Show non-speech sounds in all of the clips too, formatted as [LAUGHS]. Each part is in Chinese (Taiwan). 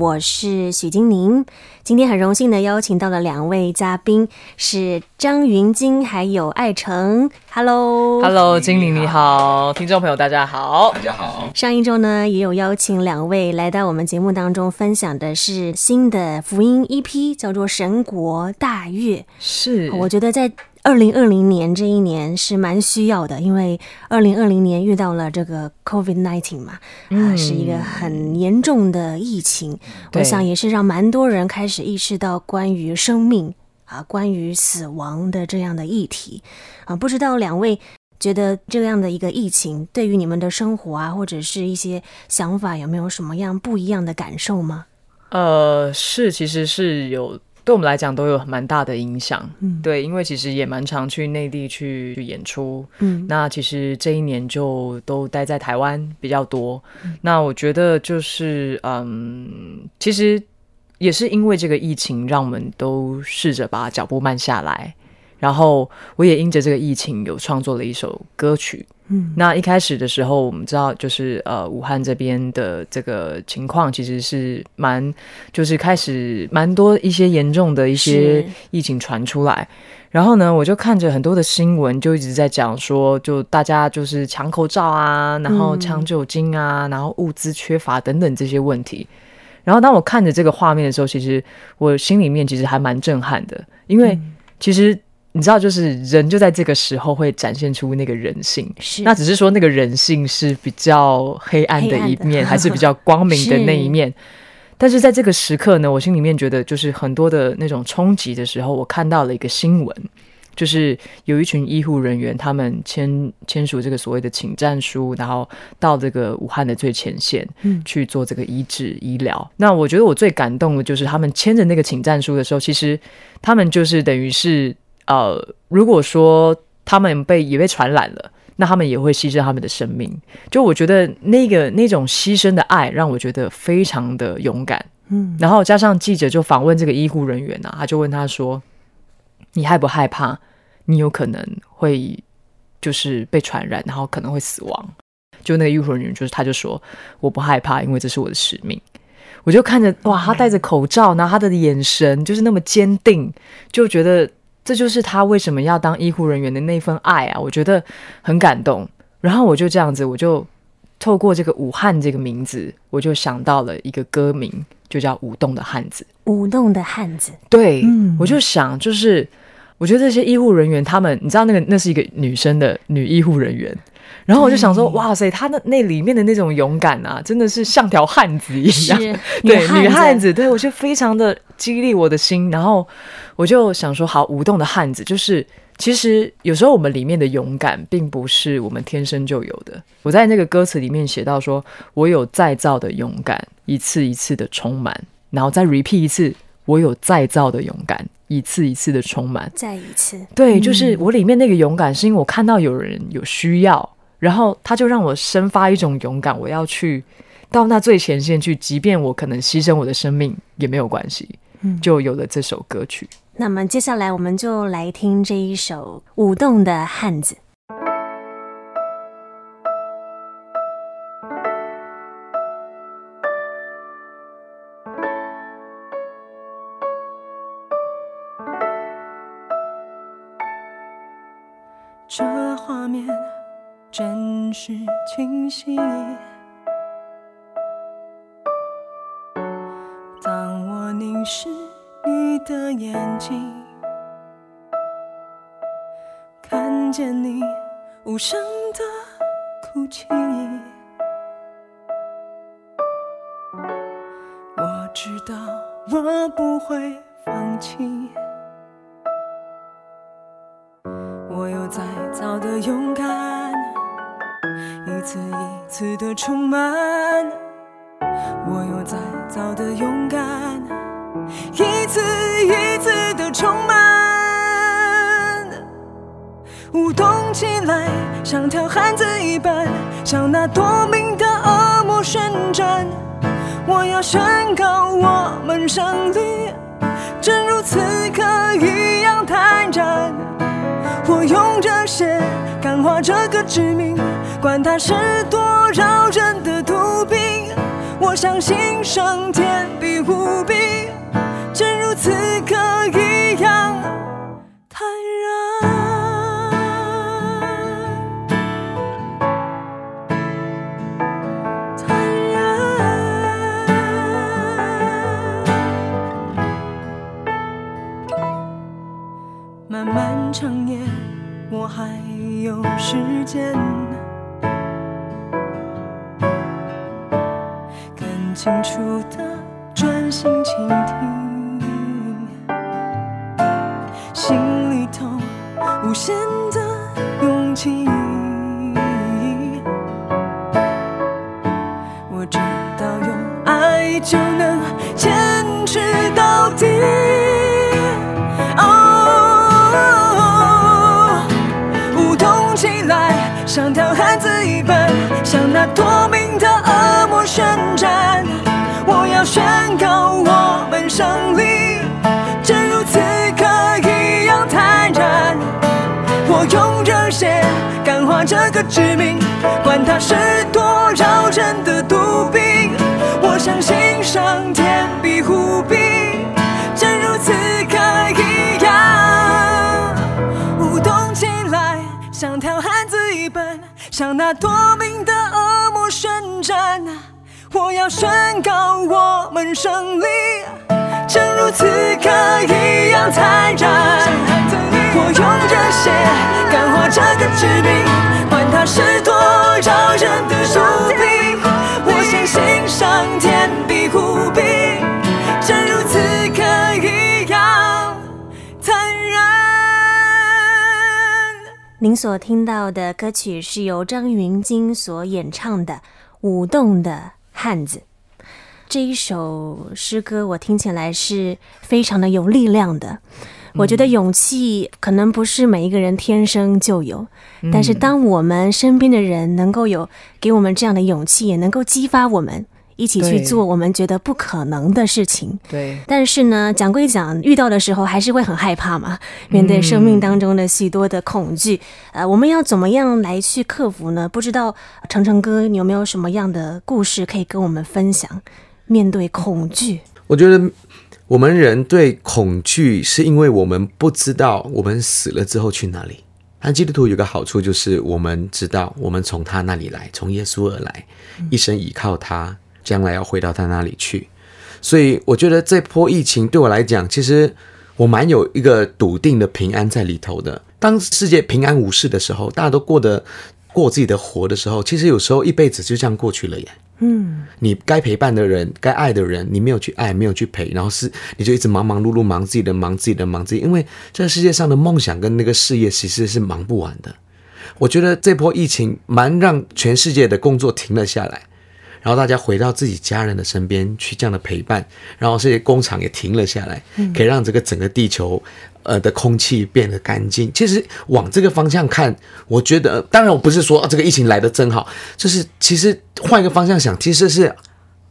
我是許金寧，今天很榮幸的邀請到了兩位嘉賓，是張芸京還有艾成。Hello，Hello，Hello, 金寧你，你好，聽眾朋友大家好，大家好。上一周呢也有邀請兩位來到我們節目當中分享的是新的福音 EP，叫做《神國大樂》。是，我覺得在。二零二零年這一年是蠻需要的，因為二零二零年遇到了這個 COVID nineteen 嘛，嗯，啊，是一個很嚴重的疫情，我想也是讓蠻多人開始意識到關於生命啊、關於死亡的這樣的議題啊。不知道兩位覺得這樣的一個疫情對於你們的生活啊，或者是一些想法，有沒有什麼樣不一樣的感受嗎？呃，是，其實是有。對我們來講都有蠻大的影響，嗯，對，因為其實也蠻常去內地去去演出，嗯，那其實這一年就都待在台灣比較多，嗯，那我覺得就是，嗯，其實也是因為這個疫情，讓我們都試着把腳步慢下來。然後我也因着這個疫情，有創作了一首歌曲。嗯，那一開始的時候，我們知道就是呃，武漢這邊的這個情況其實是蠻，就是開始蠻多一些嚴重的一些疫情傳出來。然後呢，我就看着很多的新聞，就一直在講說，就大家就是搶口罩啊、嗯，然後搶酒精啊，然後物資缺乏等等這些問題。然後當我看着這個畫面的時候，其實我心裡面其實還蠻震撼的，因為其實。你知道，就是人就在這個時候會展現出那個人性，那只是說那個人性是比較黑暗的一面，還是比較光明的那一面？ [LAUGHS] 但是在這個時刻呢，我心裡面覺得，就是很多的那種衝擊的時候，我看到了一個新聞，就是有一群醫護人員他們簽簽署這個所謂的請戰書，然後到這個武漢的最前線去做這個醫治醫療。那我覺得我最感動的就是他們簽着那個請戰書的時候，其實他們就是等於是。呃，如果說他們被也被傳染了，那他們也會犧牲他們的生命。就我覺得那個那種犧牲的愛讓我覺得非常的勇敢。嗯，然後加上記者就訪問這個醫護人員呢，他就問他說：“你害不害怕？你有可能會就是被傳染，然後可能會死亡？”就那個醫護人員就是他就說：“我不害怕，因為這是我的使命。”我就看着哇，他戴着口罩，然後他的眼神就是那麼堅定，就覺得。這就是他為什麼要當醫護人員的那份愛啊！我覺得很感動。然後我就這樣子，我就透過這個“武漢”這個名字，我就想到了一個歌名，就叫《舞動的漢子》。舞動的漢子，對，嗯，我就想，就是我覺得這些醫護人員，他們，你知道，那個那是一個女生的女醫護人員。然後我就想說，嗯、哇塞，他的那,那裡面的那種勇敢啊，真的是像條漢子一樣， [LAUGHS] 對，女漢,女漢子，對，我就非常的激勵我的心。然後我就想說，好，舞動的漢子就是，其實有時候我們裡面的勇敢，並不是我們天生就有的。我在那個歌詞裡面寫到說，說我有再造的勇敢，一次一次的充滿，然後再 repeat 一次，我有再造的勇敢，一次一次的充滿，再一次，對，就是我裡面那個勇敢，是因為我看到有人有需要。然後他就讓我生發一種勇敢，我要去到那最前線去，即便我可能犧牲我的生命也沒有關係，就有了這首歌曲。嗯。那麼接下來我們就來聽這一首《舞動的漢子》。清晰。當我凝視你的眼睛，看見你無聲的哭泣，我知道我不會放棄。我有再造的勇。一次的充滿，我有再造的勇敢，一次一次的充滿，舞動起來，像條漢子一般，像那奪命的惡魔旋轉，我要宣告我們勝利，正如此刻一樣坦然。我用熱血感化這個致命。管他是多擾人的毒品，我相信上天必無病，正如此刻一樣坦然，坦然。漫漫長夜，我還有時間。清楚的專心傾聽，心裡頭無限的勇氣。我知道有愛就能堅持到底。哦，舞動起來，像條漢子一般，像那朵。這個致命，管它是多擾人的毒病，我相信上天庇護病。正如此刻一樣舞動起來，像條漢子一般，向那奪命的惡魔宣戰。我要宣告我們勝利。正如此刻一樣坦然，我用熱血感化這個士兵，管它是多招人的鼠兵，我相信上天地護兵，正如此刻一樣坦然。您所聽到的歌曲是由張芸京所演唱的《舞動的漢子》。這一首詩歌，我聽起來是非常的有力量的。我覺得勇氣可能不是每一個人天生就有，嗯、但是當我們身邊的人能夠有給我們這樣的勇氣、嗯，也能夠激發我們一起去做我們覺得不可能的事情。對，但是呢，講歸講，遇到的時候還是會很害怕嘛。面對生命當中的許多的恐懼，嗯、呃，我們要怎麼樣來去克服呢？不知道成成哥，你有沒有什麼樣的故事可以跟我們分享？面對恐懼，我覺得我們人對恐懼是因為我們不知道我們死了之後去哪裡。但基督徒有個好處就是我們知道我們從他那裡來，從耶穌而來，一生依靠他，將來要回到他那裡去。所以我覺得這波疫情對我來講，其實我蠻有一個篤定的平安在裡頭的。當世界平安無事的時候，大家都過得過自己的活的時候，其實有時候一輩子就這樣過去了耶。嗯， [NOISE] 你該陪伴的人，該愛的人，你沒有去愛，沒有去陪，然後是你就一直忙忙碌碌，忙自己的，忙自己的，忙自己。因為這個世界上的夢想跟那個事業其實是忙不完的。我覺得這波疫情蠻讓全世界的工作停了下來，然後大家回到自己家人的身邊去這樣的陪伴，然後這些工廠也停了下來，可以讓這個整個地球，呃，的空氣變得乾淨。其實往這個方向看，我覺得，當然我不是說，啊、這個疫情來得真好，就是其實換一個方向想，其實是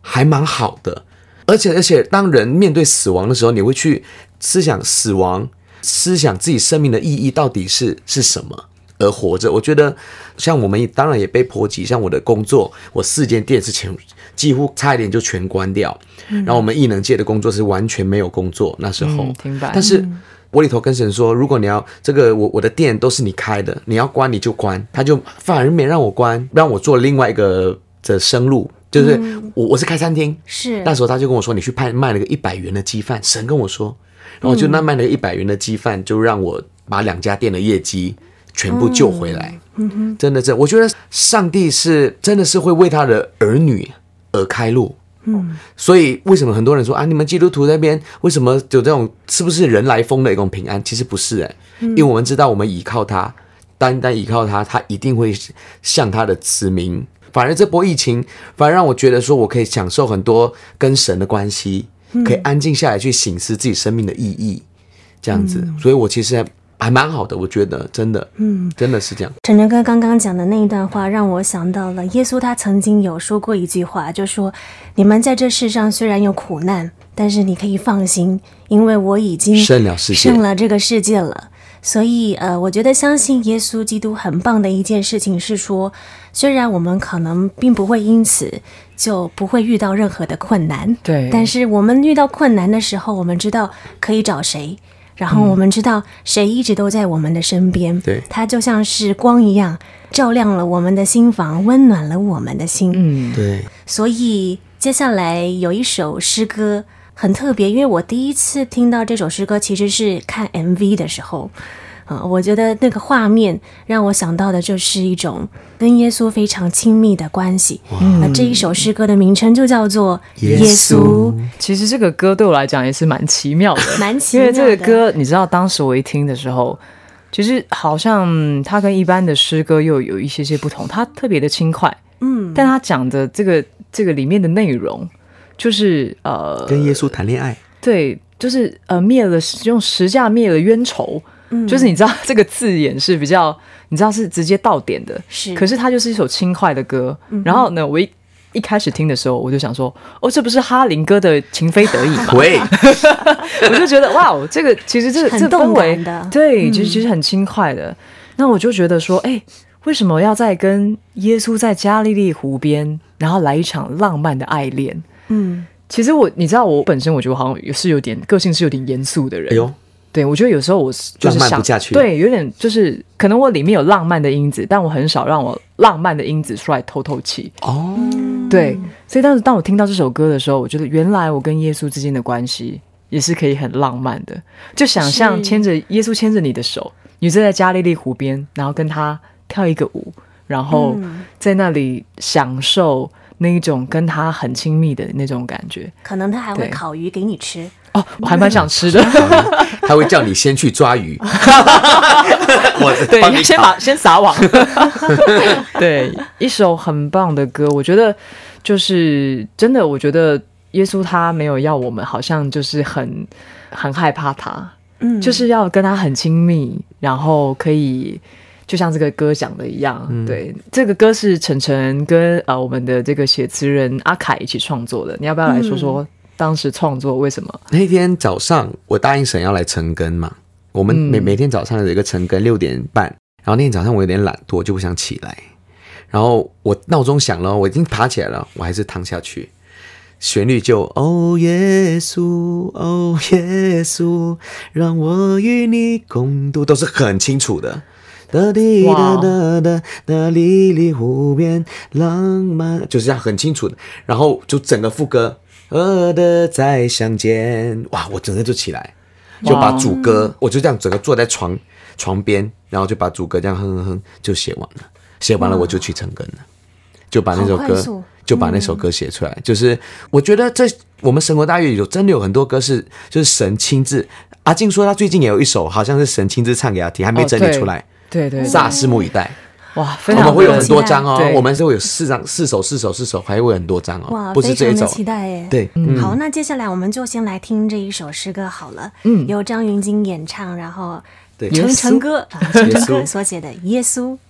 還蠻好的。而且，而且，當人面對死亡的時候，你會去思想死亡，思想自己生命的意義到底是是什麼而活着。我覺得，像我們當然也被波及，像我的工作，我四間店之前幾乎差一點就全關掉，嗯、然後我們藝能界的工作是完全沒有工作那時候。嗯、明白但是。嗯我裡頭跟神說：“如果你要這個，我我的店都是你開的，你要關你就關。”他就反而沒讓我關，讓我做另外一個的生路，就是、嗯、我我是開餐廳。是那時候他就跟我說：“你去賣賣了個一百元的雞飯。”神跟我說，然後就那賣了一百元的雞飯，就讓我把兩家店的業績全部救回來。嗯哼，真的這，我覺得上帝是真的是會為他的兒女而開路。嗯， [NOISE] 所以為什麼很多人說啊，你們基督徒那邊為什麼有這種是不是人來瘋的一種平安？其實不是哎、欸，因為我們知道我們依靠他，單單依靠他，他一定會向他的子民。反而這波疫情，反而讓我覺得說我可以享受很多跟神的關係，可以安靜下來去省思自己生命的意義，這樣子。所以我其實。還蠻好的，我覺得真的，嗯，真的是這樣。成成哥剛剛講的那一段話，讓我想到了耶穌，他曾經有說過一句話，就說：“你們在這世上雖然有苦難，但是你可以放心，因為我已經勝了世界，勝了這個世界了。”所以，呃，我覺得相信耶穌基督很棒的一件事情是說，雖然我們可能並不會因此就不會遇到任何的困難，對，但是我們遇到困難的時候，我們知道可以找誰。然後我們知道，誰一直都在我們的身邊，嗯、對，他就像是光一樣，照亮了我們的心房，溫暖了我們的心，嗯，對。所以接下來有一首詩歌很特別，因為我第一次聽到這首詩歌，其實是看 MV 的時候。啊、嗯，我覺得那個畫面讓我想到的，就是一種跟耶穌非常親密的關係。那、嗯呃、這一首詩歌的名稱就叫做《耶穌》。其實這個歌對我來講也是蠻奇妙的，蠻奇妙的。因為這個歌，你知道，當時我一聽的時候，其實、就是、好像它跟一般的詩歌又有一些些不同，它特別的輕快。嗯，但它講的這個這個裡面的內容，就是呃，跟耶穌談戀愛。對，就是呃，滅了用十架滅了冤仇。就是你知道這個字眼是比較，你知道是直接到點的，是，可是它就是一首輕快的歌，嗯嗯。然後呢，我一一開始聽的時候，我就想說，哦，這不是哈林哥的《情非得已》嗎？ [LAUGHS] [LAUGHS] 我就覺得，哇哦，這個其實這個氛圍對，其實其實很輕快的、嗯。那我就覺得說，哎、欸，為什麼要在跟耶穌在加利利湖邊，然後來一場浪漫的愛戀？嗯，其實我你知道，我本身我覺得好像也是有點個性，是有點嚴肅的人。哎呦對，我覺得有時候我是就是想不。對，有點就是可能我裡面有浪漫的因子，但我很少讓我浪漫的因子出來透透氣哦。對，所以當時當我聽到這首歌的時候，我覺得原來我跟耶穌之間的關係也是可以很浪漫的，就想象牽着耶穌牽着你的手，你坐在加利利湖邊，然後跟他跳一個舞，然後在那裡享受那一種跟他很親密的那種感覺。可能他還會烤魚給你吃。哦、oh, oh,，我還蠻想吃的，no. [LAUGHS] 嗯。他會叫你先去抓魚， [LAUGHS] [LAUGHS] 我對你，先把先撒網。 [LAUGHS] 對，一首很棒的歌，我覺得就是真的。我覺得耶穌他沒有要我們好像就是很很害怕他，嗯，就是要跟他很親密，然後可以就像這個歌講的一樣。嗯。對，這個歌是成成跟、呃、我們的這個寫詞人阿凱一起創作的。你要不要來說說？嗯當時創作為什麼？那天早上我答應神要來晨更嘛？我們每、嗯、每天早上有一個晨更六點半。然後那天早上我有點懶惰，就不想起來。然後我鬧鐘響了，我已經爬起來了，我還是躺下去。旋律就哦，耶穌，哦耶，哦耶穌，讓我與你共度，都是很清楚的。噠滴噠噠噠，那麗麗湖邊浪漫，就是這樣很清楚的。然後就整個副歌。餓的再相見，哇！我整個就起來，就把主歌，wow. 我就這樣整個坐在床床邊，然後就把主歌這樣哼哼哼就寫完了，寫完了我就去成根了，就把那首歌、wow. 就把那首歌寫出來、wow. 嗯。就是我覺得在我們神國大樂有真的有很多歌是就是神親自。阿京說他最近也有一首好像是神親自唱給她聽，還沒整理出來，oh, 對,對,對對，咱拭目以待。哇非常，我們會有很多張哦，我們是會有四張，四首，四首，四首，還會有很多張哦，哇，不是這一首，非常的期待耶，對、嗯，好，那接下來我們就先來聽這一首詩歌好了，嗯，由張芸京演唱，然後成成哥，成哥所寫的《耶穌》啊。 [LAUGHS]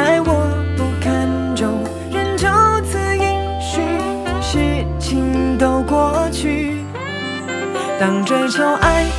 在我不看重，人就此應許，事情都過去。當追求愛。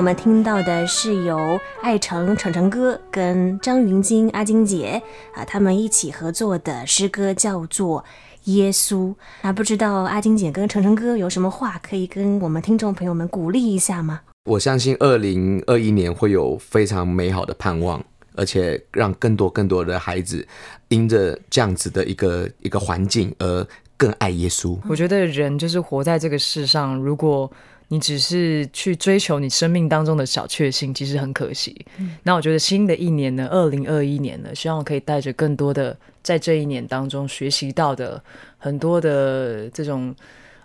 我們聽到的是由艾成成成哥跟張芸京、阿京姐啊、呃，他們一起合作的詩歌，叫做《耶穌》。那、啊、不知道阿京姐跟成成哥有什麼話可以跟我們聽眾朋友們鼓勵一下嗎？我相信二零二一年會有非常美好的盼望，而且讓更多更多的孩子因着這樣子的一個一個環境而更愛耶穌。我覺得人就是活在這個世上，如果，你只是去追求你生命當中的小確幸，其實很可惜。嗯，那我覺得新的一年呢，二零二一年呢，希望我可以帶着更多的在這一年當中學習到的很多的這種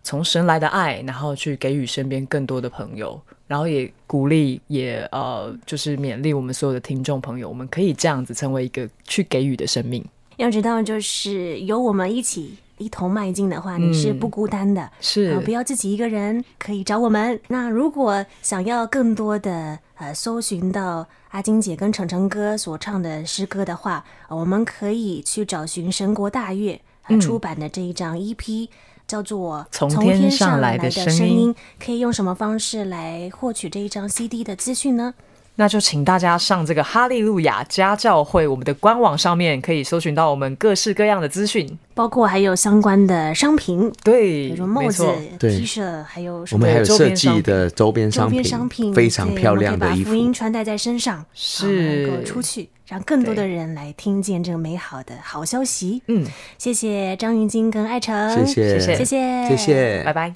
從神來的愛，然後去給予身邊更多的朋友，然後也鼓勵也呃，就是勉勵我們所有的聽眾朋友，我們可以這樣子成為一個去給予的生命。要知道，就是由我們一起，一同邁進的話，你是不孤單的，嗯、是、呃、不要自己一個人，可以找我們。那如果想要更多的呃搜尋到阿京姐跟成成哥所唱的詩歌的話，呃、我們可以去找尋神國大樂、呃、出版的這一張 EP，嗯、叫做《從天上來的聲音》。音可以用什麼方式來獲取這一張 CD 的資訊呢？那就請大家上這個哈利路亞家教會我們的官網上面，可以搜尋到我們各式各樣的資訊，包括還有相關的商品，對，比如帽子、T 恤，還有我們還有設計的周邊商品，商品非常漂亮的衣服，把福音穿戴在身上，是能夠出去，讓更多的人來聽見這個美好的好消息。嗯，謝謝張芸京跟艾成謝謝，謝謝，謝謝，謝謝，拜拜。